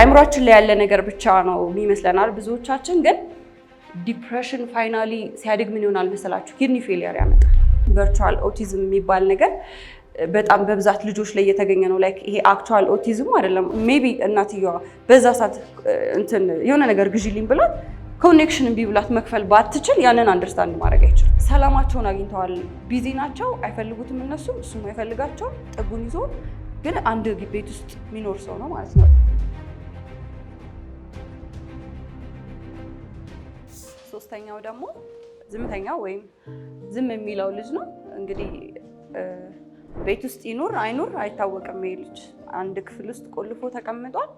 አይምሯችን ላይ ያለ ነገር ብቻ ነው የሚመስለናል ብዙዎቻችን። ግን ዲፕሬሽን ፋይናሊ ሲያድግ ምን ይሆናል መሰላችሁ? ኪድኒ ፌሊየር ያመጣል። ቨርቹዋል ኦቲዝም የሚባል ነገር በጣም በብዛት ልጆች ላይ እየተገኘ ነው። ላይክ ይሄ አክቹዋል ኦቲዝም አይደለም። ሜቢ እናትየዋ በዛ ሰዓት እንትን የሆነ ነገር ግዢልኝ ብላት ኮኔክሽን ቢብላት ብላት መክፈል ባትችል ያንን አንደርስታንድ ማድረግ አይችልም። ሰላማቸውን አግኝተዋል። ቢዚ ናቸው፣ አይፈልጉትም እነሱም እሱም አይፈልጋቸውም። ጥጉን ይዞ ግን አንድ ቤት ውስጥ የሚኖር ሰው ነው ማለት ነው። ሶስተኛው ደግሞ ዝምተኛ ወይም ዝም የሚለው ልጅ ነው። እንግዲህ ቤት ውስጥ ይኑር አይኑር አይታወቅም። ይሄ ልጅ አንድ ክፍል ውስጥ ቆልፎ ተቀምጧል።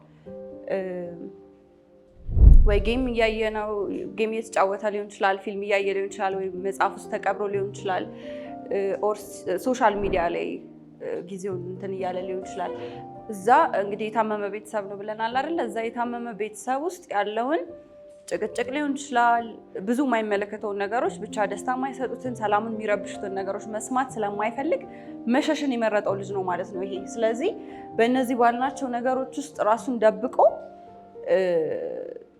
ወይ ጌም እያየ ነው፣ ጌም እየተጫወተ ሊሆን ይችላል፣ ፊልም እያየ ሊሆን ይችላል፣ ወይ መጽሐፍ ውስጥ ተቀብሮ ሊሆን ይችላል፣ ኦር ሶሻል ሚዲያ ላይ ጊዜውን እንትን እያለ ሊሆን ይችላል። እዛ እንግዲህ የታመመ ቤተሰብ ነው ብለናል አይደለ? እዛ የታመመ ቤተሰብ ውስጥ ያለውን ጭቅጭቅ ሊሆን ይችላል። ብዙ የማይመለከተውን ነገሮች ብቻ ደስታ የማይሰጡትን ሰላሙን የሚረብሹትን ነገሮች መስማት ስለማይፈልግ መሸሽን የመረጠው ልጅ ነው ማለት ነው ይሄ። ስለዚህ በእነዚህ ባልናቸው ነገሮች ውስጥ ራሱን ደብቆ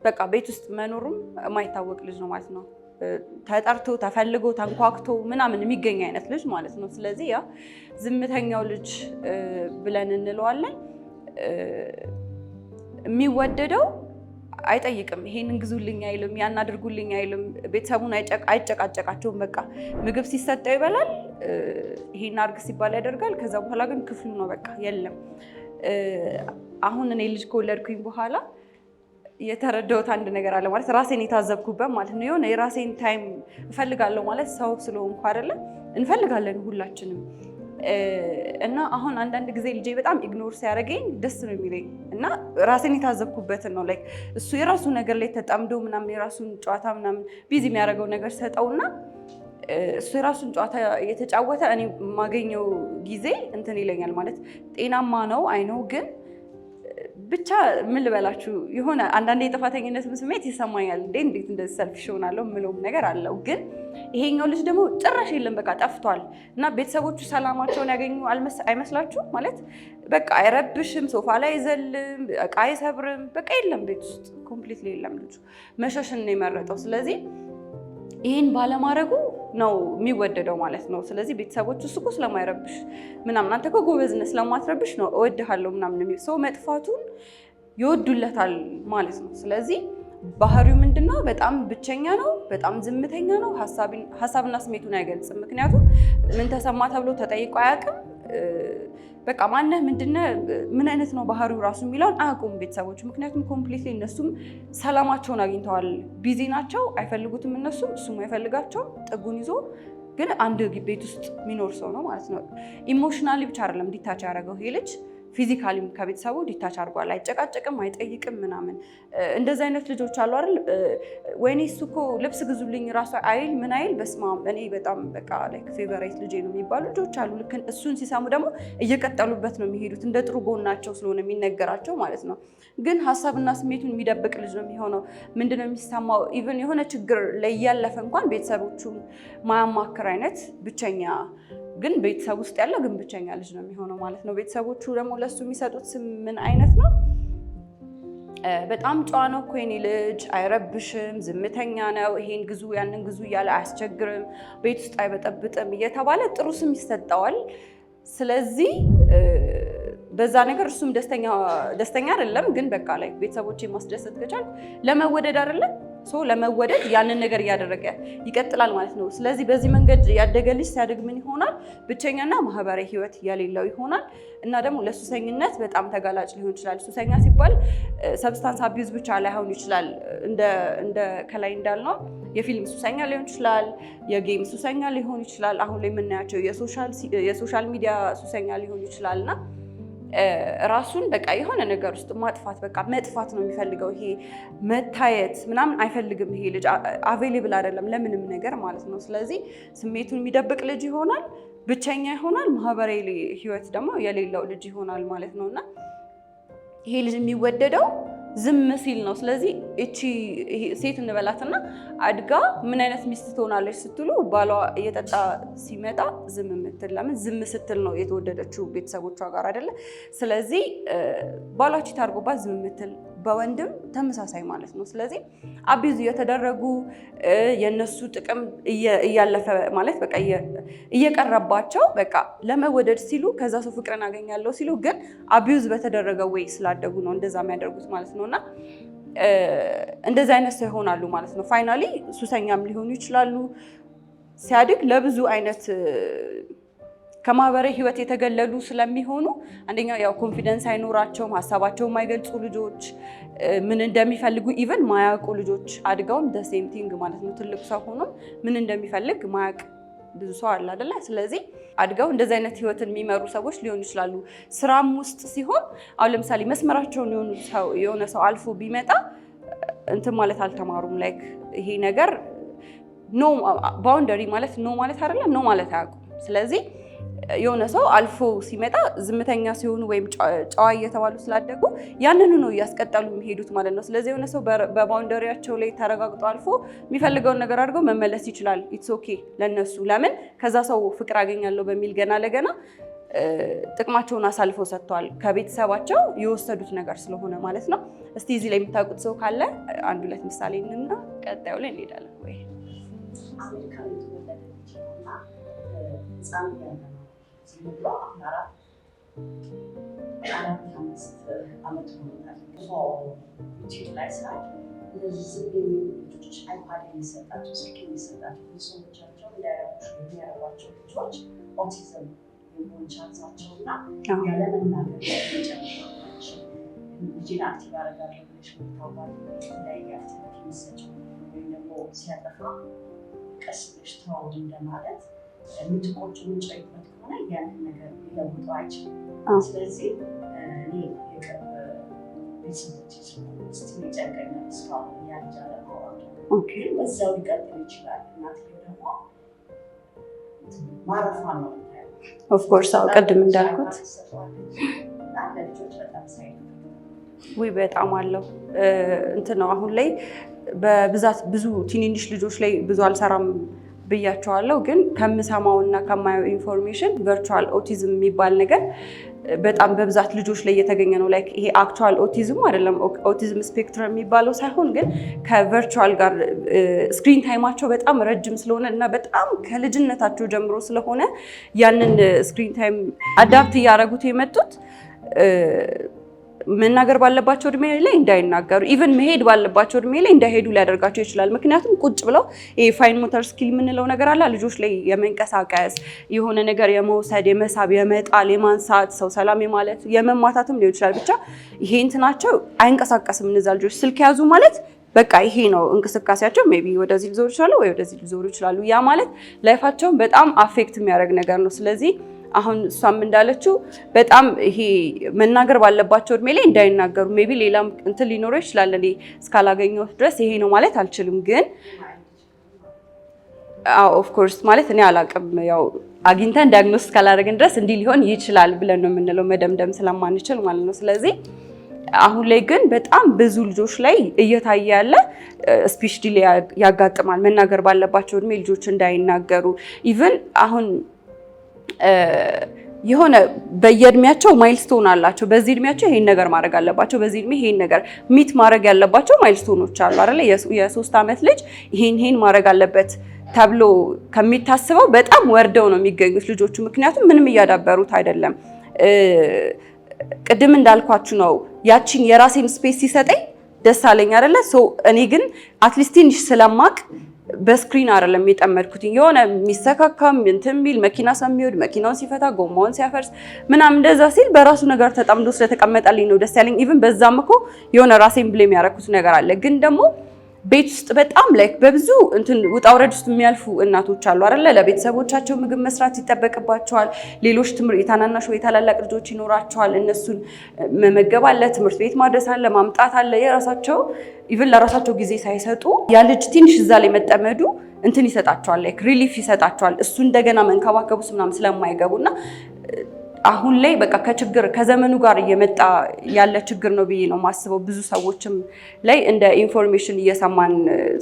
በቃ ቤት ውስጥ መኖሩም የማይታወቅ ልጅ ነው ማለት ነው። ተጠርቶ ተፈልጎ ተንኳክቶ ምናምን የሚገኝ አይነት ልጅ ማለት ነው። ስለዚህ ያ ዝምተኛው ልጅ ብለን እንለዋለን። የሚወደደው አይጠይቅም። ይሄንን ግዙልኝ አይልም፣ ያን አድርጉልኝ አይልም። ቤተሰቡን አይጨቃጨቃቸውም። በቃ ምግብ ሲሰጠው ይበላል፣ ይሄን አድርግ ሲባል ያደርጋል። ከዛ በኋላ ግን ክፍሉ ነው በቃ የለም። አሁን እኔ ልጅ ከወለድኩኝ በኋላ የተረዳሁት አንድ ነገር አለ ማለት ራሴን የታዘብኩበት ማለት ነው። የሆነ የራሴን ታይም እፈልጋለሁ ማለት ሰው ስለሆንኩ አይደለም እንፈልጋለን ሁላችንም እና አሁን አንዳንድ ጊዜ ልጄ በጣም ኢግኖር ሲያደርገኝ ደስ ነው የሚለኝ እና ራሴን የታዘብኩበትን ነው። ላይክ እሱ የራሱ ነገር ላይ ተጠምዶ ምናምን የራሱን ጨዋታ ምናምን ቢዚ የሚያደርገው ነገር ሰጠውና እሱ የራሱን ጨዋታ የተጫወተ እኔ የማገኘው ጊዜ እንትን ይለኛል ማለት ጤናማ ነው አይነው ግን ብቻ ምን ልበላችሁ የሆነ አንዳንድ የጥፋተኝነትም ስሜት ይሰማኛል። እንዴ እንዴት እንደዚህ ሰልፊሽ እሆናለሁ የምለውም ነገር አለው። ግን ይሄኛው ልጅ ደግሞ ጭራሽ የለም በቃ ጠፍቷል። እና ቤተሰቦቹ ሰላማቸውን ያገኙ አይመስላችሁም? ማለት በቃ አይረብሽም፣ ሶፋ ላይ አይዘልም፣ እቃ አይሰብርም። በቃ የለም ቤት ውስጥ ኮምፕሊት የለም። ልጁ መሸሽን ነው የመረጠው። ስለዚህ ይሄን ባለማድረጉ ነው የሚወደደው ማለት ነው። ስለዚህ ቤተሰቦች እሱ እኮ ስለማይረብሽ ምናምን አንተ እኮ ጎበዝነት ስለማትረብሽ ነው እወድሃለሁ ምናምን የሚል ሰው መጥፋቱን ይወዱለታል ማለት ነው። ስለዚህ ባህሪው ምንድነው? በጣም ብቸኛ ነው። በጣም ዝምተኛ ነው። ሀሳብና ስሜቱን አይገልጽም። ምክንያቱም ምን ተሰማ ተብሎ ተጠይቆ አያውቅም። በቃ ማነህ ምንድነህ ምን አይነት ነው ባህሪው ራሱ የሚለውን አያውቁም ቤተሰቦች። ምክንያቱም ኮምፕሊት እነሱም ሰላማቸውን አግኝተዋል። ቢዚ ናቸው፣ አይፈልጉትም እነሱም እሱም አይፈልጋቸውም። ጥጉን ይዞ ግን አንድ ቤት ውስጥ የሚኖር ሰው ነው ማለት ነው። ኢሞሽናሊ ብቻ አይደለም ዲታች ያደረገው ይሄ ልጅ ፊዚካሊም ከቤተሰቡ ዲታች አድርጓል። አይጨቃጨቅም፣ አይጠይቅም ምናምን እንደዚህ አይነት ልጆች አሉ አይደል? ወይኔ እሱ እኮ ልብስ ግዙልኝ ራሱ አይል ምን አይል። በስማ እኔ በጣም በቃ ላይክ ፌቨራይት ልጄ ነው የሚባሉ ልጆች አሉ። ልክ እሱን ሲሰሙ ደግሞ እየቀጠሉበት ነው የሚሄዱት፣ እንደ ጥሩ ጎናቸው ስለሆነ የሚነገራቸው ማለት ነው። ግን ሀሳብና ስሜቱን የሚደብቅ ልጅ ነው የሚሆነው። ምንድነው የሚሰማው? ኢቨን የሆነ ችግር ላይ እያለፈ እንኳን ቤተሰቦቹ ማያማክር አይነት ብቸኛ ግን ቤተሰብ ውስጥ ያለው ግን ብቸኛ ልጅ ነው የሚሆነው ማለት ነው። ቤተሰቦቹ ደግሞ ለሱ የሚሰጡት ስም ምን አይነት ነው? በጣም ጨዋ ነው እኮ የኔ ልጅ፣ አይረብሽም፣ ዝምተኛ ነው፣ ይሄን ግዙ ያንን ግዙ እያለ አያስቸግርም፣ ቤት ውስጥ አይበጠብጥም እየተባለ ጥሩ ስም ይሰጠዋል። ስለዚህ በዛ ነገር እሱም ደስተኛ አይደለም። ግን በቃ ላይ ቤተሰቦች ማስደሰት ከቻል ለመወደድ አይደለም ሰው ለመወደድ ያንን ነገር እያደረገ ይቀጥላል ማለት ነው። ስለዚህ በዚህ መንገድ ያደገ ልጅ ሲያድግ ምን ይሆናል? ብቸኛና ማህበራዊ ህይወት የሌለው ይሆናል እና ደግሞ ለሱሰኝነት በጣም ተጋላጭ ሊሆን ይችላል። ሱሰኛ ሲባል ሰብስታንስ አቢዩዝ ብቻ ላይሆን ይችላል። እንደ ከላይ እንዳልነው የፊልም ሱሰኛ ሊሆን ይችላል፣ የጌም ሱሰኛ ሊሆን ይችላል፣ አሁን ላይ የምናያቸው የሶሻል ሚዲያ ሱሰኛ ሊሆን ይችላል እና ራሱን በቃ የሆነ ነገር ውስጥ ማጥፋት በቃ መጥፋት ነው የሚፈልገው። ይሄ መታየት ምናምን አይፈልግም። ይሄ ልጅ አቬሌብል አይደለም ለምንም ነገር ማለት ነው። ስለዚህ ስሜቱን የሚደብቅ ልጅ ይሆናል፣ ብቸኛ ይሆናል፣ ማህበራዊ ህይወት ደግሞ የሌለው ልጅ ይሆናል ማለት ነው እና ይሄ ልጅ የሚወደደው ዝም ሲል ነው። ስለዚህ እቺ ሴት እንበላትና አድጋ ምን አይነት ሚስት ትሆናለች ስትሉ ባሏ እየጠጣ ሲመጣ ዝም የምትል ለምን ዝም ስትል ነው የተወደደችው ቤተሰቦቿ ጋር አይደለ? ስለዚህ ባሏ ቺት አድርጎባት ዝም የምትል በወንድም ተመሳሳይ ማለት ነው። ስለዚህ አቢዝ እየተደረጉ የነሱ ጥቅም እያለፈ ማለት በቃ እየቀረባቸው በቃ ለመወደድ ሲሉ ከዛ ሰው ፍቅርን አገኛለሁ ሲሉ ግን አቢዝ በተደረገ ወይ ስላደጉ ነው እንደዛ የሚያደርጉት ማለት ነው እና እንደዚህ አይነት ሰው ይሆናሉ ማለት ነው። ፋይናሊ ሱሰኛም ሊሆኑ ይችላሉ። ሲያድግ ለብዙ አይነት ከማህበራዊ ህይወት የተገለሉ ስለሚሆኑ አንደኛው ያው ኮንፊደንስ አይኖራቸውም፣ ሀሳባቸው የማይገልጹ ልጆች፣ ምን እንደሚፈልጉ ኢቨን ማያውቁ ልጆች አድገውም ደሴም ቲንግ ማለት ነው። ትልቅ ሰው ሆኖም ምን እንደሚፈልግ ማያውቅ ብዙ ሰው አለ አይደለ? ስለዚህ አድገው እንደዚህ አይነት ህይወትን የሚመሩ ሰዎች ሊሆኑ ይችላሉ። ስራም ውስጥ ሲሆን አሁን ለምሳሌ መስመራቸውን የሆነ ሰው አልፎ ቢመጣ እንትን ማለት አልተማሩም። ላይክ ይሄ ነገር ኖ ባውንደሪ ማለት ኖ ማለት አይደለም፣ ኖ ማለት አያውቁም። ስለዚህ የሆነ ሰው አልፎ ሲመጣ ዝምተኛ ሲሆኑ ወይም ጨዋ እየተባሉ ስላደጉ ያንኑ ነው እያስቀጠሉ የሚሄዱት ማለት ነው። ስለዚህ የሆነ ሰው በባውንደሪያቸው ላይ ተረጋግጦ አልፎ የሚፈልገውን ነገር አድርገው መመለስ ይችላል። ኢትስ ኦኬ ለነሱ። ለምን ከዛ ሰው ፍቅር አገኛለሁ በሚል ገና ለገና ጥቅማቸውን አሳልፈው ሰጥተዋል። ከቤተሰባቸው የወሰዱት ነገር ስለሆነ ማለት ነው። እስቲ እዚህ ላይ የምታውቁት ሰው ካለ አንድ ሁለት ምሳሌ እንና ቀጣዩ ላይ እንሄዳለን ወይ ስንብሎ አሁን አራት አራት አምስት ዓመት ሆኖታል። ዩቲዩብ ላይ ስራ እነዚህ ዝም የሚሉ ልጆች አይፓድ የሚሰጣቸው ስልክ የሚሰጣቸው ቤተሰቦቻቸው እንዳይረቡሽ የሚያረጓቸው ልጆች ኦቲዝም የሆን ቻንሳቸው እና ያለመናገር የሚጨምራች ልጅን አክቲቭ ያደርጋለሁ ብለሽ ምታባል ላይ አክቲቪቲ የሚሰጭ ወይም ደግሞ ሲያጠፋ ቀስ ብለሽ ተው እንደማለት ምትቆቹ ምንጭ ከሆነ ያንን ነገር ሊለውጠው አይችልም። ስለዚህ እኔ የቅርብ ቤተሰቦች ስስ ይጨንቀኛል እስካሁን ያልጃ ለመዋሉ በዛው ሊቀጥል ይችላል። እናት ደግሞ ማረፏ ነው። ኦፍኮርስ ቅድም እንዳልኩት ውይ በጣም አለው እንትን ነው። አሁን ላይ በብዛት ብዙ ትንንሽ ልጆች ላይ ብዙ አልሰራም ብያቸዋለሁ። ግን ከምሰማው እና ከማየው ኢንፎርሜሽን ቨርቹዋል ኦቲዝም የሚባል ነገር በጣም በብዛት ልጆች ላይ እየተገኘ ነው። ላይክ ይሄ አክቹዋል ኦቲዝም አይደለም፣ ኦቲዝም ስፔክትረም የሚባለው ሳይሆን ግን ከቨርቹዋል ጋር ስክሪን ታይማቸው በጣም ረጅም ስለሆነ እና በጣም ከልጅነታቸው ጀምሮ ስለሆነ ያንን ስክሪን ታይም አዳፕት እያደረጉት የመጡት መናገር ባለባቸው እድሜ ላይ እንዳይናገሩ ኢቨን መሄድ ባለባቸው እድሜ ላይ እንዳይሄዱ ሊያደርጋቸው ይችላል። ምክንያቱም ቁጭ ብለው ፋይን ሞተር ስኪል የምንለው ነገር አለ ልጆች ላይ የመንቀሳቀስ የሆነ ነገር የመውሰድ የመሳብ፣ የመጣል፣ የማንሳት ሰው ሰላም የማለት የመማታትም ሊሆን ይችላል። ብቻ ይሄ እንትናቸው አይንቀሳቀስም። እነዛ ልጆች ስልክ ያዙ ማለት በቃ ይሄ ነው እንቅስቃሴያቸው። ሜይ ቢ ወደዚህ ሊዞሩ ይችላሉ ወይ ወደዚህ ሊዞሩ ይችላሉ። ያ ማለት ላይፋቸውን በጣም አፌክት የሚያደርግ ነገር ነው። ስለዚህ አሁን እሷም እንዳለችው በጣም ይሄ መናገር ባለባቸው እድሜ ላይ እንዳይናገሩ ሜቢ ቢ ሌላም እንትን ሊኖረው ይችላል። እኔ እስካላገኘሁት ድረስ ይሄ ነው ማለት አልችልም። ግን ኦፍኮርስ ማለት እኔ አላቅም ያው አግኝተን ዳያግኖስ እስካላደረግን ድረስ እንዲህ ሊሆን ይችላል ብለን ነው የምንለው መደምደም ስለማንችል ማለት ነው። ስለዚህ አሁን ላይ ግን በጣም ብዙ ልጆች ላይ እየታየ ያለ ስፒች uh, ዲሌይ ያጋጥማል። መናገር ባለባቸው እድሜ ልጆች እንዳይናገሩ ኢቨን አሁን የሆነ በየእድሜያቸው ማይልስቶን አላቸው። በዚህ እድሜያቸው ይሄን ነገር ማድረግ አለባቸው፣ በዚህ እድሜ ይሄን ነገር ሚት ማድረግ ያለባቸው ማይልስቶኖች አሉ አይደለ? የሶስት ዓመት ልጅ ይሄን ይሄን ማድረግ አለበት ተብሎ ከሚታስበው በጣም ወርደው ነው የሚገኙት ልጆቹ። ምክንያቱም ምንም እያዳበሩት አይደለም። ቅድም እንዳልኳችሁ ነው ያቺን የራሴን ስፔስ ሲሰጠኝ ደስ አለኝ አይደለ? እኔ ግን አትሊስት ትንሽ ስለማቅ በስክሪን አይደለም የጠመድኩት የሆነ የሚሰካካም እንትን የሚል መኪና ሰሚወድ መኪናውን ሲፈታ ጎማውን ሲያፈርስ ምናምን እንደዛ ሲል በራሱ ነገር ተጠምዶ ስለተቀመጠልኝ ነው ደስ ያለኝ። ኢቭን በዛም እኮ የሆነ ራሴን ብሌም ያደረኩት ነገር አለ ግን ደግሞ ቤት ውስጥ በጣም ላይክ በብዙ እንትን ውጣ ውረድ ውስጥ የሚያልፉ እናቶች አሉ አይደለ? ለቤተሰቦቻቸው ምግብ መስራት ይጠበቅባቸዋል። ሌሎች ትምህርት የታናናሽ ወይ ታላላቅ ልጆች ይኖራቸዋል። እነሱን መመገብ አለ፣ ትምህርት ቤት ማድረስ አለ፣ ማምጣት አለ። የራሳቸው ኢቭን ለራሳቸው ጊዜ ሳይሰጡ ያ ልጅ ትንሽ እዛ ላይ መጠመዱ እንትን ይሰጣቸዋል፣ ላይክ ሪሊፍ ይሰጣቸዋል። እሱ እንደገና መንከባከቡስ ምናምን ስለማይገቡና አሁን ላይ በቃ ከችግር ከዘመኑ ጋር እየመጣ ያለ ችግር ነው ብዬ ነው የማስበው። ብዙ ሰዎችም ላይ እንደ ኢንፎርሜሽን እየሰማን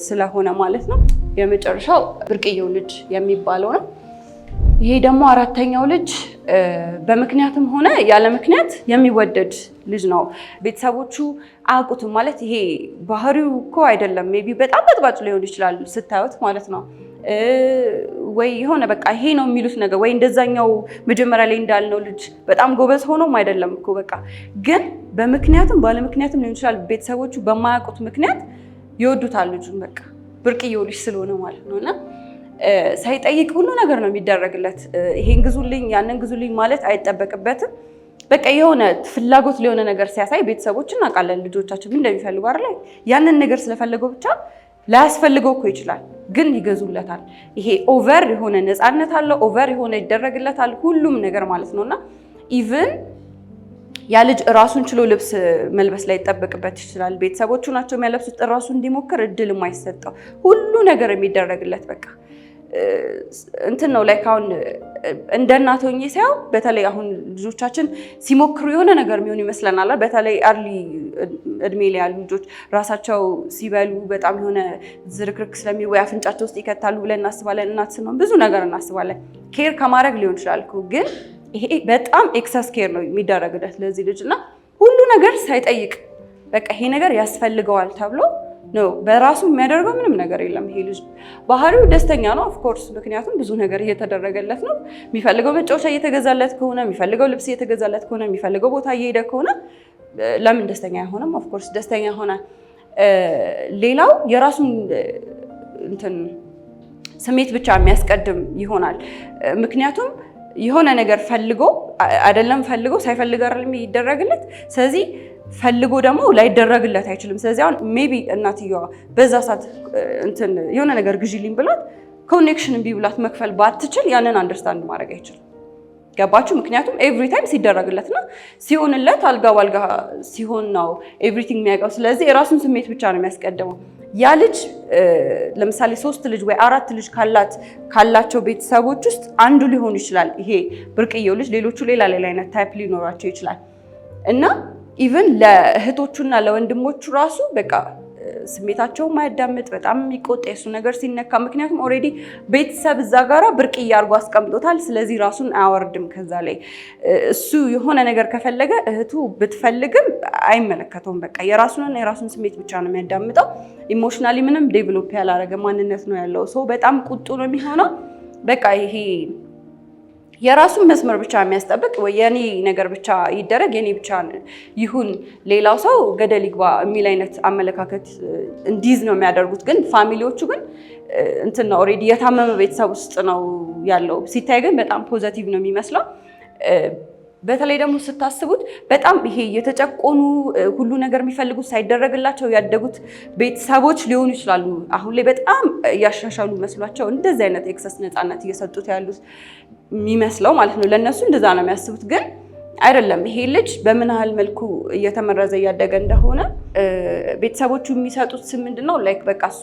ስለሆነ ማለት ነው። የመጨረሻው ብርቅዬው ልጅ የሚባለው ነው። ይሄ ደግሞ አራተኛው ልጅ በምክንያትም ሆነ ያለ ምክንያት የሚወደድ ልጅ ነው። ቤተሰቦቹ አያውቁትም ማለት ይሄ ባህሪው እኮ አይደለም። ሜይ ቢ በጣም በጥባጭ ሊሆን ይችላል ስታዩት ማለት ነው። ወይ የሆነ በቃ ይሄ ነው የሚሉት ነገር ወይ እንደዛኛው መጀመሪያ ላይ እንዳልነው ልጅ በጣም ጎበዝ ሆኖም አይደለም እኮ በቃ ግን በምክንያቱም ባለ ምክንያትም ሊሆን ይችላል። ቤተሰቦቹ በማያውቁት ምክንያት ይወዱታል ልጁን በቃ ብርቅዬው ልጅ ስለሆነ ማለት ነው እና ሳይጠይቅ ሁሉ ነገር ነው የሚደረግለት። ይሄን ግዙልኝ ያንን ግዙልኝ ማለት አይጠበቅበትም። በቃ የሆነ ፍላጎት ሊሆነ ነገር ሲያሳይ ቤተሰቦች እናውቃለን ልጆቻችን ምን እንደሚፈልጉ አይደል? ያንን ነገር ስለፈለገው ብቻ ላያስፈልገው እኮ ይችላል፣ ግን ይገዙለታል። ይሄ ኦቨር የሆነ ነፃነት አለው፣ ኦቨር የሆነ ይደረግለታል ሁሉም ነገር ማለት ነውና ኢቭን ያ ልጅ ራሱን ችሎ ልብስ መልበስ ላይ ይጠበቅበት ይችላል። ቤተሰቦቹ ናቸው የሚያለብሱት። ራሱ እንዲሞክር እድል የማይሰጠው ሁሉ ነገር የሚደረግለት በቃ እንትን ነው ላይክ አሁን እንደ እናት ሆኜ ሳየው በተለይ አሁን ልጆቻችን ሲሞክሩ የሆነ ነገር የሚሆን ይመስለናል። በተለይ አርሊ እድሜ ላይ ያሉ ልጆች ራሳቸው ሲበሉ በጣም የሆነ ዝርክርክ ወይ አፍንጫቸው ውስጥ ይከታሉ ብለን እናስባለን። እናት ስንሆን ብዙ ነገር እናስባለን። ኬር ከማድረግ ሊሆን ይችላል እኮ ግን ይሄ በጣም ኤክሰስ ኬር ነው የሚደረግለት ለዚህ ልጅ እና ሁሉ ነገር ሳይጠይቅ በቃ ይሄ ነገር ያስፈልገዋል ተብሎ ነው። በራሱ የሚያደርገው ምንም ነገር የለም። ይሄ ልጅ ባህሪው ደስተኛ ነው ኦፍኮርስ፣ ምክንያቱም ብዙ ነገር እየተደረገለት ነው። የሚፈልገው መጫወቻ እየተገዛለት ከሆነ፣ የሚፈልገው ልብስ እየተገዛለት ከሆነ፣ የሚፈልገው ቦታ እየሄደ ከሆነ ለምን ደስተኛ አይሆንም? ኦፍኮርስ ደስተኛ ሆነ ሌላው የራሱን እንትን ስሜት ብቻ የሚያስቀድም ይሆናል። ምክንያቱም የሆነ ነገር ፈልጎ አይደለም ፈልጎ ሳይፈልግ አይደለም ይደረግለት። ስለዚህ ፈልጎ ደግሞ ላይደረግለት አይችልም። ስለዚህ አሁን ሜቢ እናትየዋ በዛ ሰዓት እንትን የሆነ ነገር ግዢልኝ ብላት ኮኔክሽን እምቢ ብላት መክፈል ባትችል ያንን አንደርስታንድ ማድረግ አይችልም። ገባችሁ? ምክንያቱም ኤቭሪ ታይም ሲደረግለትና ሲሆንለት አልጋ ባልጋ ሲሆን ነው ኤቭሪቲንግ የሚያውቀው። ስለዚህ የራሱን ስሜት ብቻ ነው የሚያስቀድመው። ያ ልጅ ለምሳሌ ሶስት ልጅ ወይ አራት ልጅ ካላት ካላቸው ቤተሰቦች ውስጥ አንዱ ሊሆን ይችላል ይሄ ብርቅዬው ልጅ። ሌሎቹ ሌላ ሌላ አይነት ታይፕ ሊኖራቸው ይችላል እና ኢቭን ለእህቶቹና ለወንድሞቹ ራሱ በቃ ስሜታቸው ማያዳምጥ በጣም የሚቆጣ የሱ ነገር ሲነካ፣ ምክንያቱም ኦልሬዲ ቤተሰብ እዛ ጋራ ብርቅዬ አድርጎ አስቀምጦታል። ስለዚህ ራሱን አያወርድም። ከዛ ላይ እሱ የሆነ ነገር ከፈለገ እህቱ ብትፈልግም አይመለከተውም። በቃ የራሱንና የራሱን ስሜት ብቻ ነው የሚያዳምጠው። ኢሞሽናሊ ምንም ዴቨሎፕ ያላረገ ማንነት ነው ያለው ሰው። በጣም ቁጡ ነው የሚሆነው በቃ ይሄ የራሱን መስመር ብቻ የሚያስጠብቅ ወይ የኔ ነገር ብቻ ይደረግ የኔ ብቻ ይሁን ሌላው ሰው ገደል ይግባ የሚል አይነት አመለካከት እንዲይዝ ነው የሚያደርጉት። ግን ፋሚሊዎቹ ግን እንትን ነው ኦልሬዲ የታመመ ቤተሰብ ውስጥ ነው ያለው። ሲታይ ግን በጣም ፖዘቲቭ ነው የሚመስለው። በተለይ ደግሞ ስታስቡት በጣም ይሄ የተጨቆኑ ሁሉ ነገር የሚፈልጉት ሳይደረግላቸው ያደጉት ቤተሰቦች ሊሆኑ ይችላሉ። አሁን ላይ በጣም እያሻሻሉ መስሏቸው እንደዚህ አይነት ኤክሰስ ነፃነት እየሰጡት ያሉት የሚመስለው ማለት ነው። ለእነሱ እንደዛ ነው የሚያስቡት ግን አይደለም ይሄ ልጅ በምን ያህል መልኩ እየተመረዘ እያደገ እንደሆነ ቤተሰቦቹ የሚሰጡት ስም ምንድን ነው? ላይክ በቃ እሱ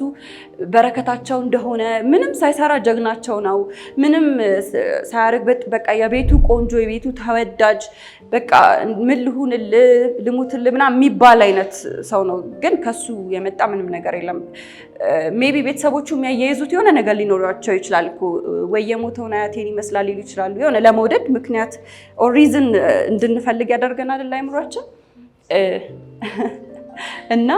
በረከታቸው እንደሆነ ምንም ሳይሰራ ጀግናቸው ነው። ምንም ሳያርግበት በቃ የቤቱ ቆንጆ የቤቱ ተወዳጅ በቃ ምን ልሁን ልሙትል ምናምን የሚባል አይነት ሰው ነው። ግን ከሱ የመጣ ምንም ነገር የለም። ሜቢ ቤተሰቦቹ የሚያያይዙት የሆነ ነገር ሊኖሯቸው ይችላል እኮ ወይ የሞተውን አያቴን ይመስላል ሊሉ ይችላሉ። የሆነ ለመውደድ ምክንያት ኦር ሪዝን እንድንፈልግ ያደርገናል አይምሯችን እና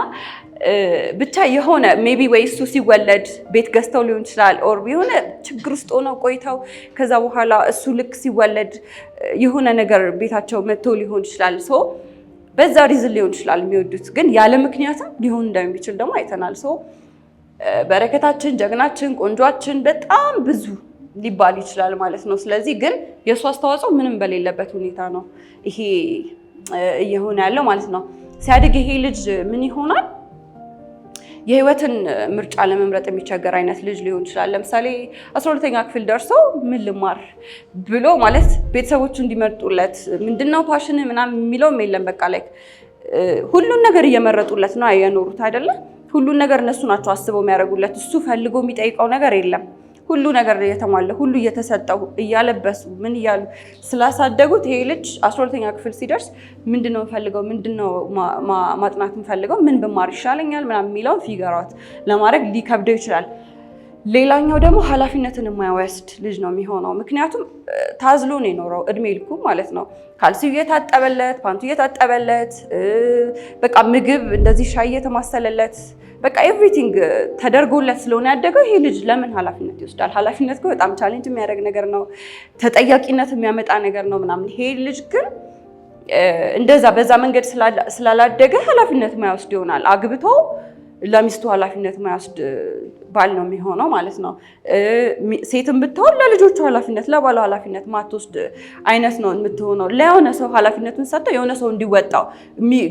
ብቻ የሆነ ሜቢ ወይ እሱ ሲወለድ ቤት ገዝተው ሊሆን ይችላል። ኦር የሆነ ችግር ውስጥ ሆነው ቆይተው ከዛ በኋላ እሱ ልክ ሲወለድ የሆነ ነገር ቤታቸው መጥቶ ሊሆን ይችላል። ሶ በዛ ሪዝን ሊሆን ይችላል የሚወዱት ግን ያለ ምክንያትም ሊሆን እንደሚችል ደግሞ አይተናል። ሶ በረከታችን፣ ጀግናችን፣ ቆንጆችን በጣም ብዙ ሊባል ይችላል ማለት ነው። ስለዚህ ግን የእሱ አስተዋጽኦ ምንም በሌለበት ሁኔታ ነው ይሄ እየሆነ ያለው ማለት ነው። ሲያድግ ይሄ ልጅ ምን ይሆናል? የህይወትን ምርጫ ለመምረጥ የሚቸገር አይነት ልጅ ሊሆን ይችላል። ለምሳሌ አስራ ሁለተኛ ክፍል ደርሶ ምን ልማር ብሎ ማለት ቤተሰቦቹ እንዲመርጡለት ምንድነው ፓሽን ምናምን የሚለውም የለም። በቃ ላይ ሁሉን ነገር እየመረጡለት ነው የኖሩት አይደለም ሁሉን ነገር እነሱ ናቸው አስበው የሚያደርጉለት። እሱ ፈልጎ የሚጠይቀው ነገር የለም። ሁሉ ነገር እየተሟላ ሁሉ እየተሰጠው እያለበሱ ምን እያሉ ስላሳደጉት ይሄ ልጅ አስራ ሁለተኛ ክፍል ሲደርስ ምንድነው ፈልገው ምንድነው ማጥናት ፈልገው ምን ብማር ይሻለኛል ምናምን የሚለውን ፊገራት ለማድረግ ሊከብደው ይችላል። ሌላኛው ደግሞ ኃላፊነትን የማይወስድ ልጅ ነው የሚሆነው። ምክንያቱም ታዝሎ ነው የኖረው እድሜ ልኩ ማለት ነው። ካልሲ እየታጠበለት፣ ፓንቱ እየታጠበለት፣ በቃ ምግብ እንደዚህ ሻይ እየተማሰለለት፣ በቃ ኤቭሪቲንግ ተደርጎለት ስለሆነ ያደገው ይሄ ልጅ ለምን ኃላፊነት ይወስዳል? ኃላፊነት በጣም ቻሌንጅ የሚያደርግ ነገር ነው፣ ተጠያቂነት የሚያመጣ ነገር ነው ምናምን። ይሄ ልጅ ግን እንደዛ በዛ መንገድ ስላላደገ ኃላፊነት የማይወስድ ይሆናል አግብቶ ለሚስቱ ኃላፊነት ማያስድ ባል ነው የሚሆነው ማለት ነው። ሴትም ብትሆን ለልጆቹ ኃላፊነት ለባሏ ኃላፊነት ማትወስድ አይነት ነው የምትሆነው። ለሆነ ሰው ኃላፊነቱን ሰጥተው የሆነ ሰው እንዲወጣው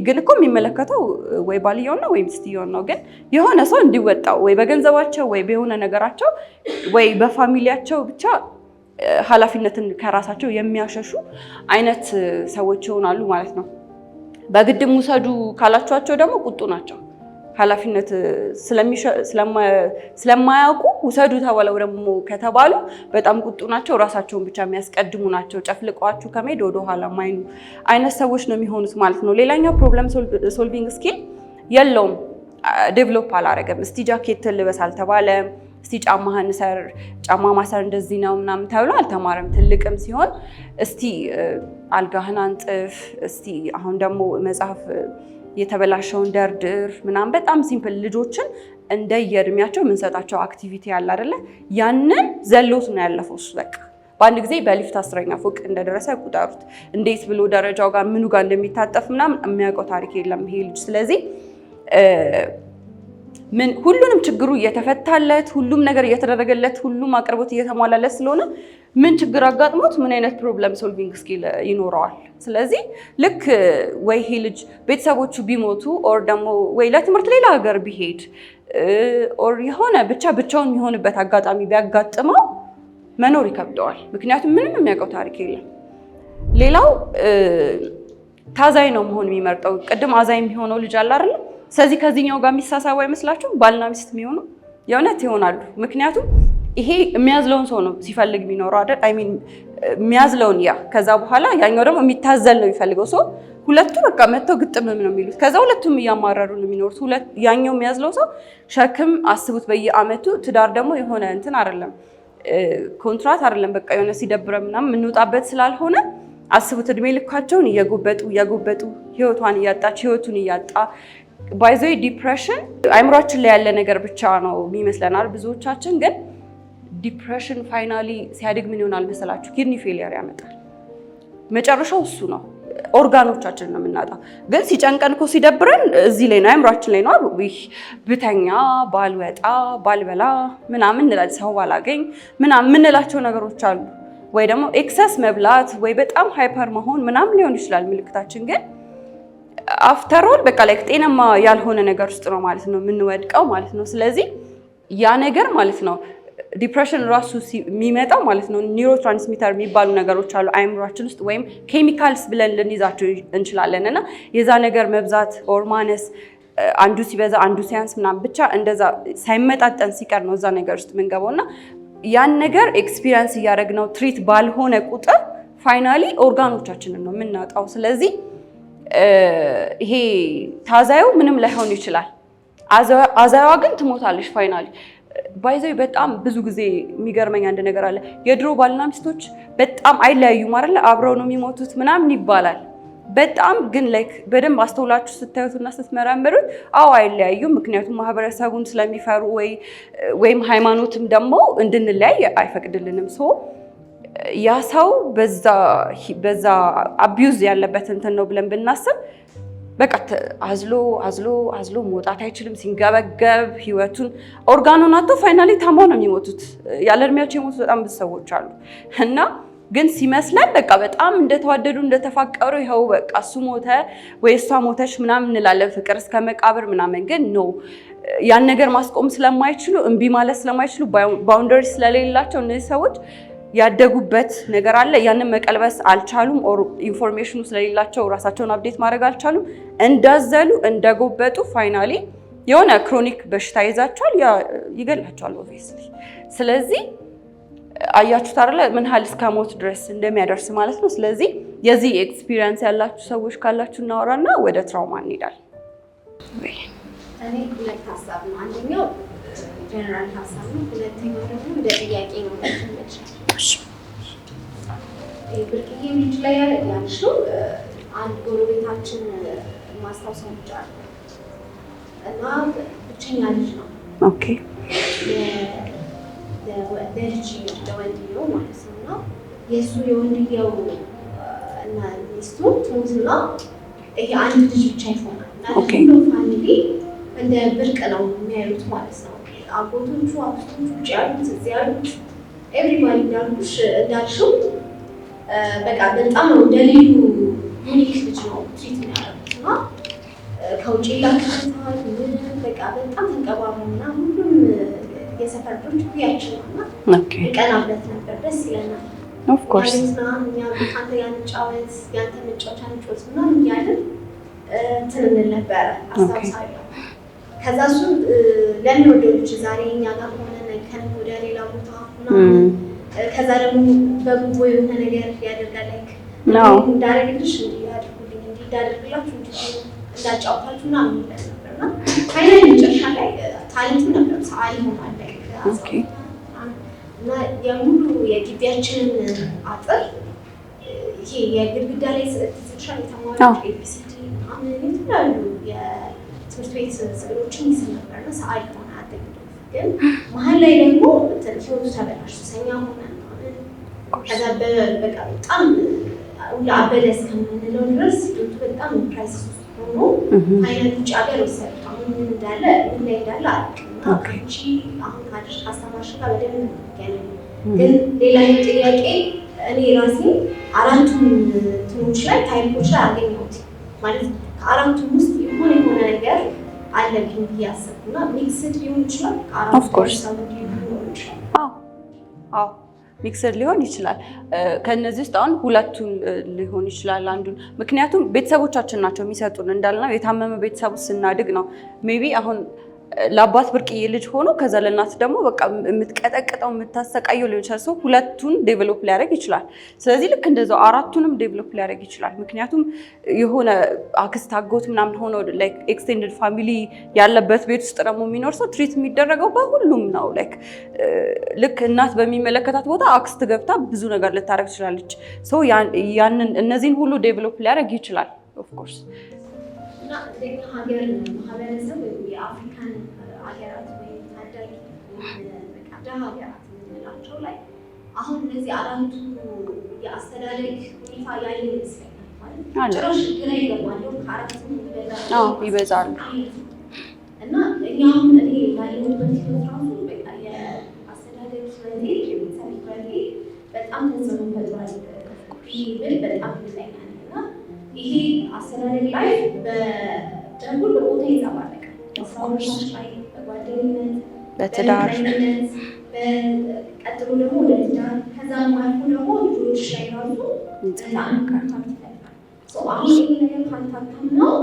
ግን እኮ የሚመለከተው ወይ ባልየውን ነው ወይም ሚስትየውን ነው። ግን የሆነ ሰው እንዲወጣው ወይ በገንዘባቸው ወይ በሆነ ነገራቸው ወይ በፋሚሊያቸው ብቻ ኃላፊነትን ከራሳቸው የሚያሸሹ አይነት ሰዎች ይሆናሉ ማለት ነው። በግድም ውሰዱ ካላችኋቸው ደግሞ ቁጡ ናቸው። ኃላፊነት ስለማያውቁ ውሰዱ ተብለው ደግሞ ከተባሉ በጣም ቁጡ ናቸው። ራሳቸውን ብቻ የሚያስቀድሙ ናቸው። ጨፍልቀዋችሁ ከመሄድ ወደ ኋላ ማይኑ አይነት ሰዎች ነው የሚሆኑት ማለት ነው። ሌላኛው ፕሮብለም ሶልቪንግ ስኪል የለውም፣ ዴቨሎፕ አላረገም። እስቲ ጃኬት ልበስ አልተባለም። እስቲ ጫማህን ሰር ጫማ ማሰር እንደዚህ ነው ምናምን ተብሎ አልተማረም። ትልቅም ሲሆን እስቲ አልጋህን አንጥፍ፣ እስቲ አሁን ደግሞ መጽሐፍ የተበላሸውን ደርድር ምናምን በጣም ሲምፕል ልጆችን እንደየእድሜያቸው የምንሰጣቸው አክቲቪቲ ያለ አደለ? ያንን ዘሎት ነው ያለፈው እሱ በቃ በአንድ ጊዜ በሊፍት አስረኛ ፎቅ እንደደረሰ ቁጠሩት። እንዴት ብሎ ደረጃው ጋር ምኑ ጋር እንደሚታጠፍ ምናምን የሚያውቀው ታሪክ የለም ይሄ ልጅ። ስለዚህ ምን ሁሉንም ችግሩ እየተፈታለት ሁሉም ነገር እየተደረገለት ሁሉም አቅርቦት እየተሟላለት ስለሆነ ምን ችግር አጋጥሞት ምን አይነት ፕሮብለም ሶልቪንግ ስኪል ይኖረዋል። ስለዚህ ልክ ወይ ይሄ ልጅ ቤተሰቦቹ ቢሞቱ ኦር ደግሞ ወይ ለትምህርት ሌላ ሀገር ቢሄድ ኦር የሆነ ብቻ ብቻውን የሚሆንበት አጋጣሚ ቢያጋጥመው መኖር ይከብደዋል። ምክንያቱም ምንም የሚያውቀው ታሪክ የለም። ሌላው ታዛኝ ነው መሆን የሚመርጠው። ቅድም አዛኝ የሚሆነው ልጅ አለ አይደለም ስለዚህ ከዚህኛው ጋር የሚሳሳቡ አይመስላችሁም? ባልና ሚስት የሚሆኑ የእውነት ይሆናሉ። ምክንያቱም ይሄ የሚያዝለውን ሰው ነው ሲፈልግ የሚኖረው አይደል? አይ ሚን የሚያዝለውን ያ ከዛ በኋላ ያኛው ደግሞ የሚታዘል ነው የሚፈልገው ሰው ሁለቱ በቃ መጥተው ግጥምም ነው የሚሉት። ከዛ ሁለቱም እያማረሩ ነው የሚኖሩት። ያኛው የሚያዝለው ሰው ሸክም አስቡት በየአመቱ። ትዳር ደግሞ የሆነ እንትን አይደለም ኮንትራት አይደለም በቃ የሆነ ሲደብረ ምናምን የምንወጣበት ስላልሆነ አስቡት እድሜ ልካቸውን እየጎበጡ እየጎበጡ ህይወቷን እያጣች ህይወቱን እያጣ ባይዘ ዲፕሬሽን አይምሯችን ላይ ያለ ነገር ብቻ ነው የሚመስለናል ብዙዎቻችን። ግን ዲፕሬሽን ፋይናሊ ሲያድግ ምን ይሆናል መሰላችሁ? ኪድኒ ፌሊየር ያመጣል። መጨረሻው እሱ ነው። ኦርጋኖቻችን ነው የምናጣው። ግን ሲጨንቀን እኮ ሲደብረን እዚህ ላይ ነው አይምሯችን ላይ ነው አሉ ብተኛ፣ ባልወጣ፣ ባልበላ ምናምን እንላለን፣ ሰው ባላገኝ ምናምን የምንላቸው ነገሮች አሉ። ወይ ደግሞ ኤክሰስ መብላት ወይ በጣም ሃይፐር መሆን ምናምን ሊሆን ይችላል ምልክታችን ግን አፍተሮል በቃ ላይክ ጤናማ ያልሆነ ነገር ውስጥ ነው ማለት ነው የምንወድቀው ማለት ነው። ስለዚህ ያ ነገር ማለት ነው ዲፕሬሽን ራሱ የሚመጣው ማለት ነው ኒውሮ ትራንስሚተር የሚባሉ ነገሮች አሉ አይምሯችን ውስጥ ወይም ኬሚካልስ ብለን ልንይዛቸው እንችላለን። እና የዛ ነገር መብዛት ኦር ማነስ አንዱ ሲበዛ አንዱ ሲያንስ ምናምን ብቻ እንደዛ ሳይመጣጠን ሲቀር ነው እዛ ነገር ውስጥ የምንገባው እና ያን ነገር ኤክስፒሪየንስ እያደረግነው ትሪት ባልሆነ ቁጥር ፋይናሊ ኦርጋኖቻችንን ነው የምናጣው። ስለዚህ ይሄ ታዛዩ ምንም ላይሆን ይችላል። አዛዩዋ ግን ትሞታለች ፋይናል ባይዘው በጣም ብዙ ጊዜ የሚገርመኝ አንድ ነገር አለ። የድሮ ባልና ሚስቶች በጣም አይለያዩም አይደለ? አብረው ነው የሚሞቱት ምናምን ይባላል። በጣም ግን ላይክ በደንብ አስተውላችሁ ስታዩትና ስትመረምሩት አዎ አይለያዩም። ምክንያቱም ማህበረሰቡን ስለሚፈሩ ወይም ሃይማኖትም ደግሞ እንድንለያይ አይፈቅድልንም ሶ ያ ሰው በዛ አቢዩዝ ያለበት እንትን ነው ብለን ብናስብ በቃ አዝሎ አዝሎ አዝሎ መውጣት አይችልም። ሲንገበገብ ህይወቱን ኦርጋኑን አቶ ፋይናሊ ታማ ነው የሚሞቱት። ያለ እድሜያቸው የሞቱት በጣም ብዙ ሰዎች አሉ እና ግን ሲመስለን በቃ በጣም እንደተዋደዱ እንደተፋቀሩ ይኸው በቃ እሱ ሞተ ወይ እሷ ሞተች ምናምን እንላለን፣ ፍቅር እስከ መቃብር ምናምን። ግን ኖ ያን ነገር ማስቆም ስለማይችሉ እምቢ ማለት ስለማይችሉ ባውንደሪ ስለሌላቸው እነዚህ ሰዎች ያደጉበት ነገር አለ። ያንን መቀልበስ አልቻሉም። ኦር ኢንፎርሜሽኑ ስለሌላቸው ራሳቸውን አብዴት ማድረግ አልቻሉም። እንዳዘሉ እንደጎበጡ ፋይናሊ የሆነ ክሮኒክ በሽታ ይዛቸዋል። ይገላቸዋል ኦብቪየስሊ። ስለዚህ አያችሁት አይደለ ምን ያህል እስከ ሞት ድረስ እንደሚያደርስ ማለት ነው። ስለዚህ የዚህ ኤክስፒሪየንስ ያላችሁ ሰዎች ካላችሁ እናወራና ወደ ትራውማ እንሄዳል። እኔ ሁለት ሀሳብ ነው። አንደኛው ጀነራል ሀሳብ ነው። ሁለተኛው ደግሞ እንደ ጥያቄ ነው። ብርቅዬ ምንጭ ላይ ያልሽው አንድ ጎረቤታችን ማስታወሰው ምንጭ አለ እና ብቸኛ ልጅ ነው። ኦኬ ለልጅ ለወንድየው ማለት ነው። እና የእሱ የወንድየው እና ሚስቱ ትሙትና ይሄ አንድ ልጅ ብቻ ይሆናል እና ፋሚሊ እንደ ብርቅ ነው የሚያዩት ማለት ነው። አጎቶቹ አክስቶቹ ውጭ ያሉት እዚህ ያሉት ኤቭሪባዲ እንዳልኩሽ እንዳልሽው በቃ በጣም ነው እንደ ልዩ ዩኒክ ልጅ ነው ትሪት የሚያደርጉት እና ከውጭ ላክታል በቃ በጣም ተንቀባሙ እና ሁሉም የሰፈር ብርድ ያችን ነውና ቀናበት ነበር። ደስ ይለናል። ኦፍኮርስ አንተ ያንጫወት ያንተ መጫወቻ ንጫወት ምናምን እያለን እንትን እንል ነበረ አስታውሳለሁ። ከዛ እሱም ለሚወደው ልጅ ዛሬ እኛ ጋር ሆነ ከነገ ወደ ሌላ ቦታ ምናምን ከዛ ደግሞ በጉቦ የሆነ ነገር ያደርጋል። ላይክ እንዳደረግልሽ እንዲህ አድርጉልኝ እንዳጫውታችሁ ምናምን ይላል ነበርና ፋይናል መጨረሻ ላይ ታሪክም ነበር ሰዓሊ ሆኗል። እና የሙሉ የግቢያችንን አጥር ይሄ የግድግዳ ላይ ስዕል ትስልሻል። የተማሪዎች የተለያዩ የትምህርት ቤት ስዕሎችን ይስል ነበርና ሰዓሊ ሆኗል። ግን መሀል ላይ ደግሞ ህይወቱ ተበላሽ ሰኛ ሆነ። ከዛ በቃ በጣም አበደ እስከምንለው ድረስ ህይወቱ በጣም ሆኖ አይነት ውጭ ሀገር ምን እንዳለ ምን ላይ እንዳለ አሁን ካስተማርሽ ጋር በደንብ ግን ጥያቄ እኔ ራሴ አራቱም ትኖች ላይ ታይፖች ላይ አገኘሁት ማለት ከአራቱም ውስጥ የሆነ የሆነ ነገር አለብኝ ብዬ አሰብኩና ሚክስድ ሊሆን ይችላል። አዎ ሚክስድ ሊሆን ይችላል። ከነዚህ ውስጥ አሁን ሁለቱን ሊሆን ይችላል አንዱን። ምክንያቱም ቤተሰቦቻችን ናቸው የሚሰጡን እንዳልነው፣ የታመመ ቤተሰቡ ስናድግ ነው ሜይ ቢ አሁን ለአባት ብርቅዬ ልጅ ሆኖ ከዛ ለእናት ደግሞ በቃ የምትቀጠቅጠው የምታሰቃየው ሊሆን ይችላል። ሰው ሁለቱን ዴቨሎፕ ሊያደርግ ይችላል። ስለዚህ ልክ እንደዛው አራቱንም ዴቨሎፕ ሊያደርግ ይችላል። ምክንያቱም የሆነ አክስት፣ አጎት ምናምን ሆኖ ኤክስቴንድድ ፋሚሊ ያለበት ቤት ውስጥ ደግሞ የሚኖር ሰው ትሪት የሚደረገው በሁሉም ነው። ላይክ ልክ እናት በሚመለከታት ቦታ አክስት ገብታ ብዙ ነገር ልታደርግ ትችላለች። ሰው ያንን እነዚህን ሁሉ ዴቨሎፕ ሊያደርግ ይችላል ኦፍኮርስ እና እንደኛ ሀገር ማህበረሰብ የአፍሪካን ሀገራት ወይም ታዳጊ ደሀ ሀገራት የምንላቸው ላይ አሁን እነዚህ አራቱ የአስተዳደግ ሁኔታ ያለ ይመስለኛል። ይበዛሉ እና እኛ አሁን እኔ ያለሁበት ራሱ የአስተዳደግ ስለኔ የቤተሰብ በጣም ተጽዕኖ ፈጥሯል ብል በጣም ይለኛል ይሄ አስተዳደግ ላይ በደንብ ሁሉ ቦታ ይንጸባረቃል። በስራዎች ላይ፣ በጓደኝነት፣ በትዳር፣ በቀጥሎ ደግሞ ደግሞ ልጆች ላይ ራሱ በጣም አሁን ይህ ነገር ነው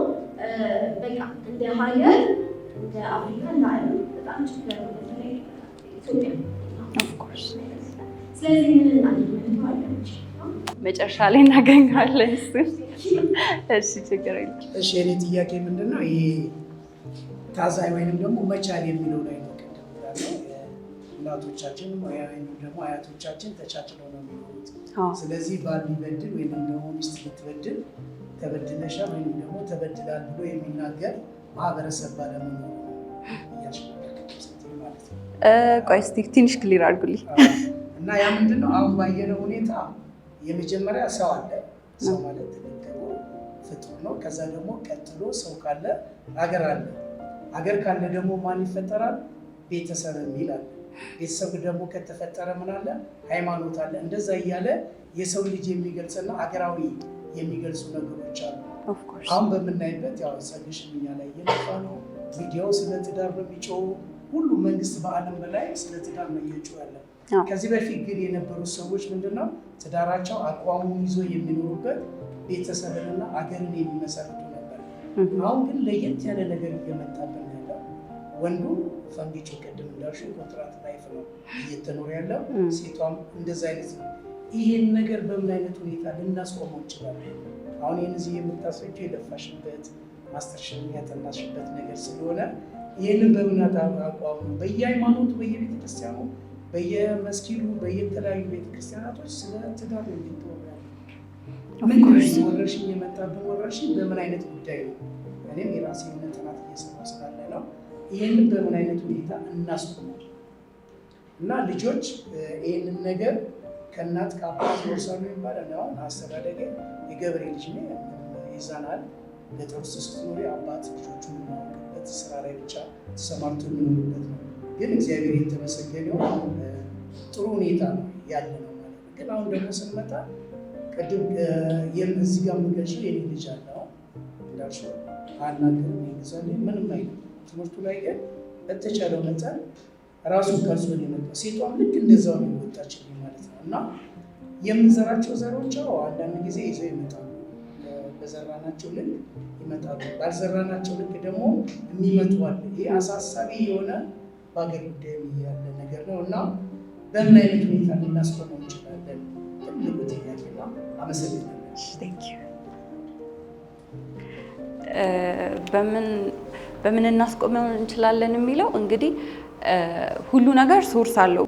በቃ እንደ ሀገር እንደ አፍሪካ እንደ ዓለም በጣም ችግር ኢትዮጵያ ስለዚህ ምን መጨረሻ ላይ እናገኘዋለን። እሱ ችግር እሺ። እኔ ጥያቄ ምንድን ነው ይሄ ታዛይ ወይንም ደግሞ መቻል የሚለው ላይ ነው። እናቶቻችን ወይም ደግሞ አያቶቻችን ተቻችለው ነው የሚኖሩት። ስለዚህ ባል ቢበድል ወይም ደግሞ ሚስት ልትበድል ተበድለሻል ወይም ደግሞ ተበድላል ብሎ የሚናገር ማህበረሰብ ባለመኖሩ ቆይ እስኪ ትንሽ ክሊር አድርጉልኝ እና ያ ምንድን ነው አሁን ባየነው ሁኔታ የመጀመሪያ ሰው አለ። ሰው ማለት ደግሞ ፍጡር ነው። ከዛ ደግሞ ቀጥሎ ሰው ካለ አገር አለ። አገር ካለ ደግሞ ማን ይፈጠራል? ቤተሰብ የሚል አለ። ቤተሰብ ደግሞ ከተፈጠረ ምን አለ? ሃይማኖት አለ። እንደዛ እያለ የሰው ልጅ የሚገልጽና አገራዊ የሚገልጹ ነገሮች አሉ። አሁን በምናይበት ያው ሰልሽ ላይ እየመጣ ነው። ሚዲያው ስለ ትዳር በሚጮው ሁሉ መንግስት በዓለም በላይ ስለ ትዳር ነው እየጮ ያለ ከዚህ በፊት ግን የነበሩ ሰዎች ምንድነው ትዳራቸው አቋሙን ይዞ የሚኖሩበት ቤተሰብንና አገርን የሚመሰርቱ ነበር። አሁን ግን ለየት ያለ ነገር እየመጣብን ያለው ወንዱ ፈንግጭ ቅድም እንዳልሽው ኮንትራት ላይፍ ነው እየተኖር ያለው፣ ሴቷም እንደዛ አይነት ነው። ይሄን ነገር በምን አይነት ሁኔታ ልናስቆመው እንችላለን? አሁን ይህን እዚህ የምታስረጀው የለፋሽበት ማስተርሽን ያጠናሽበት ነገር ስለሆነ ይህንን በምን አቋም ነው በየሃይማኖቱ በየቤተክርስቲያኑ በየመስጊዱ በየተለያዩ ቤተክርስቲያናቶች ስለ ትዳር ነው የሚወራ። ምን ወረርሽኝ የመጣብን ወረርሽኝ በምን አይነት ጉዳይ ነው? እኔም የራሴ የሆነ ጥናት እየሰራ ስላለ ነው። ይህንን በምን አይነት ሁኔታ እናስቆማል እና ልጆች ይህንን ነገር ከእናት ከአባት ወርሳሉ ይባላል። አሁን አስተዳደገ የገበሬ ልጅ ይዛናል። ገጠር ውስጥ ስትኖሪ አባት ልጆቹ የማያውቅበት ስራ ላይ ብቻ ተሰማርቶ የሚኖሩበት ነው ግን እግዚአብሔር የተመሰገነው ጥሩ ሁኔታ ያለ ነው ማለት ነው። ግን አሁን ደግሞ ስንመጣ ቅድም እዚህ ጋር ምገሽ የኔ ልጅ አለው እንዳልሽ አናገር ይዛል ምንም አይ ትምህርቱ ላይ ግን በተቻለው መጠን ራሱን ቀርጾ የመጣ ሴቷም ልክ እንደዛው ነው የወጣችን ማለት ነው እና የምንዘራቸው ዘሮች አንዳንድ ጊዜ ይዘው ይመጣሉ። በዘራናቸው ልክ ይመጣሉ፣ ባልዘራናቸው ልክ ደግሞ የሚመጡ አለ። ይህ አሳሳቢ የሆነ በሀገር ጉዳይ ያለ ነገር ነው እና በምን አይነት ሁኔታ ልናስቆመው እንችላለን? ትልቁ ጥያቄ ነው። አመሰግናለሁ። በምን በምን እናስቆመው እንችላለን የሚለው እንግዲህ ሁሉ ነገር ሶርስ አለው።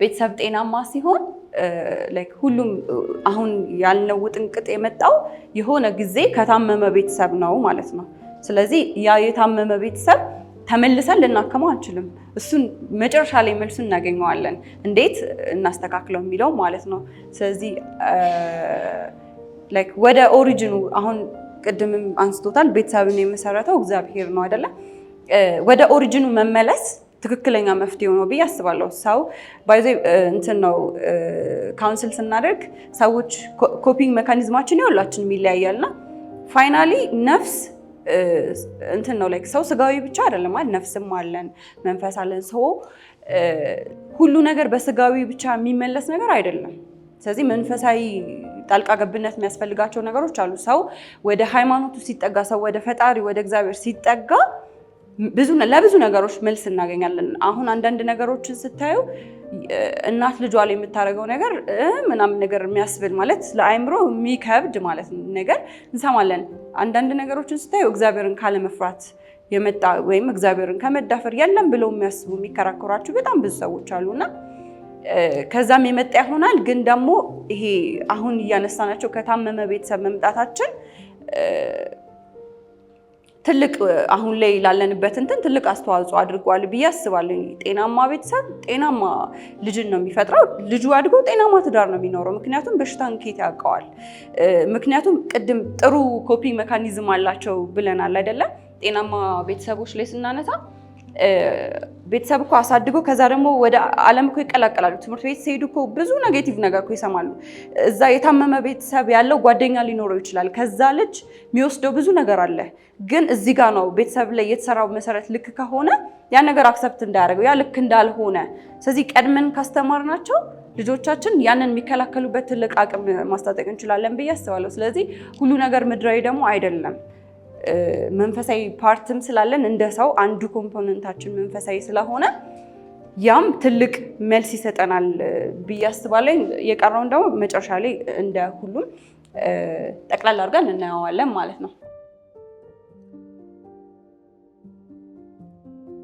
ቤተሰብ ጤናማ ሲሆን ሁሉም አሁን ያልነው ውጥንቅጥ የመጣው የሆነ ጊዜ ከታመመ ቤተሰብ ነው ማለት ነው። ስለዚህ ያ የታመመ ቤተሰብ ተመልሰን ልናክመው አንችልም። እሱን መጨረሻ ላይ መልሱ እናገኘዋለን፣ እንዴት እናስተካክለው የሚለው ማለት ነው። ስለዚህ ወደ ኦሪጅኑ አሁን ቅድምም አንስቶታል፣ ቤተሰብን የመሰረተው እግዚአብሔር ነው አይደለም። ወደ ኦሪጅኑ መመለስ ትክክለኛ መፍትሄ ነው ብዬ አስባለሁ። ሰው ባይዘ እንትን ነው ካውንስል ስናደርግ ሰዎች ኮፒንግ ሜካኒዝማችን የሁላችንም ይለያያልና ፋይናሊ ነፍስ እንትን ነው ላይክ ሰው ስጋዊ ብቻ አይደለም አይደል? ነፍስም አለን፣ መንፈስ አለን። ሰው ሁሉ ነገር በስጋዊ ብቻ የሚመለስ ነገር አይደለም። ስለዚህ መንፈሳዊ ጣልቃ ገብነት የሚያስፈልጋቸው ነገሮች አሉ። ሰው ወደ ሃይማኖቱ ሲጠጋ፣ ሰው ወደ ፈጣሪ ወደ እግዚአብሔር ሲጠጋ ለብዙ ነገሮች መልስ እናገኛለን። አሁን አንዳንድ ነገሮችን ስታዩ እናት ልጇ ላይ የምታደርገው ነገር ምናምን ነገር የሚያስብል ማለት ለአይምሮ የሚከብድ ማለት ነገር እንሰማለን። አንዳንድ ነገሮችን ስታዩ እግዚአብሔርን ካለመፍራት የመጣ ወይም እግዚአብሔርን ከመዳፈር የለም ብለው የሚያስቡ የሚከራከሯቸው በጣም ብዙ ሰዎች እና ከዛም የመጣ ይሆናል። ግን ደግሞ ይሄ አሁን እያነሳናቸው ከታመመ ቤተሰብ መምጣታችን ትልቅ አሁን ላይ ላለንበት እንትን ትልቅ አስተዋጽኦ አድርጓል ብዬ አስባለሁ። ጤናማ ቤተሰብ ጤናማ ልጅን ነው የሚፈጥረው። ልጁ አድጎ ጤናማ ትዳር ነው የሚኖረው። ምክንያቱም በሽታ እንኬት ያውቀዋል። ምክንያቱም ቅድም ጥሩ ኮፒ መካኒዝም አላቸው ብለናል አይደለም? ጤናማ ቤተሰቦች ላይ ስናነሳ ቤተሰብ እኮ አሳድጎ ከዛ ደግሞ ወደ ዓለም እኮ ይቀላቀላሉ። ትምህርት ቤት ሲሄዱ እኮ ብዙ ኔጌቲቭ ነገር እኮ ይሰማሉ። እዛ የታመመ ቤተሰብ ያለው ጓደኛ ሊኖረው ይችላል። ከዛ ልጅ የሚወስደው ብዙ ነገር አለ። ግን እዚህ ጋር ነው ቤተሰብ ላይ የተሰራው መሰረት ልክ ከሆነ ያ ነገር አክሰፕት እንዳያደርገው ያ ልክ እንዳልሆነ። ስለዚህ ቀድመን ካስተማርናቸው ልጆቻችን ያንን የሚከላከሉበት ትልቅ አቅም ማስታጠቅ እንችላለን ብዬ አስባለሁ። ስለዚህ ሁሉ ነገር ምድራዊ ደግሞ አይደለም። መንፈሳዊ ፓርትም ስላለን እንደ ሰው አንዱ ኮምፖነንታችን መንፈሳዊ ስለሆነ ያም ትልቅ መልስ ይሰጠናል ብዬ አስባለሁ። የቀረውን ደግሞ መጨረሻ ላይ እንደ ሁሉም ጠቅላላ አድርገን እናየዋለን ማለት ነው።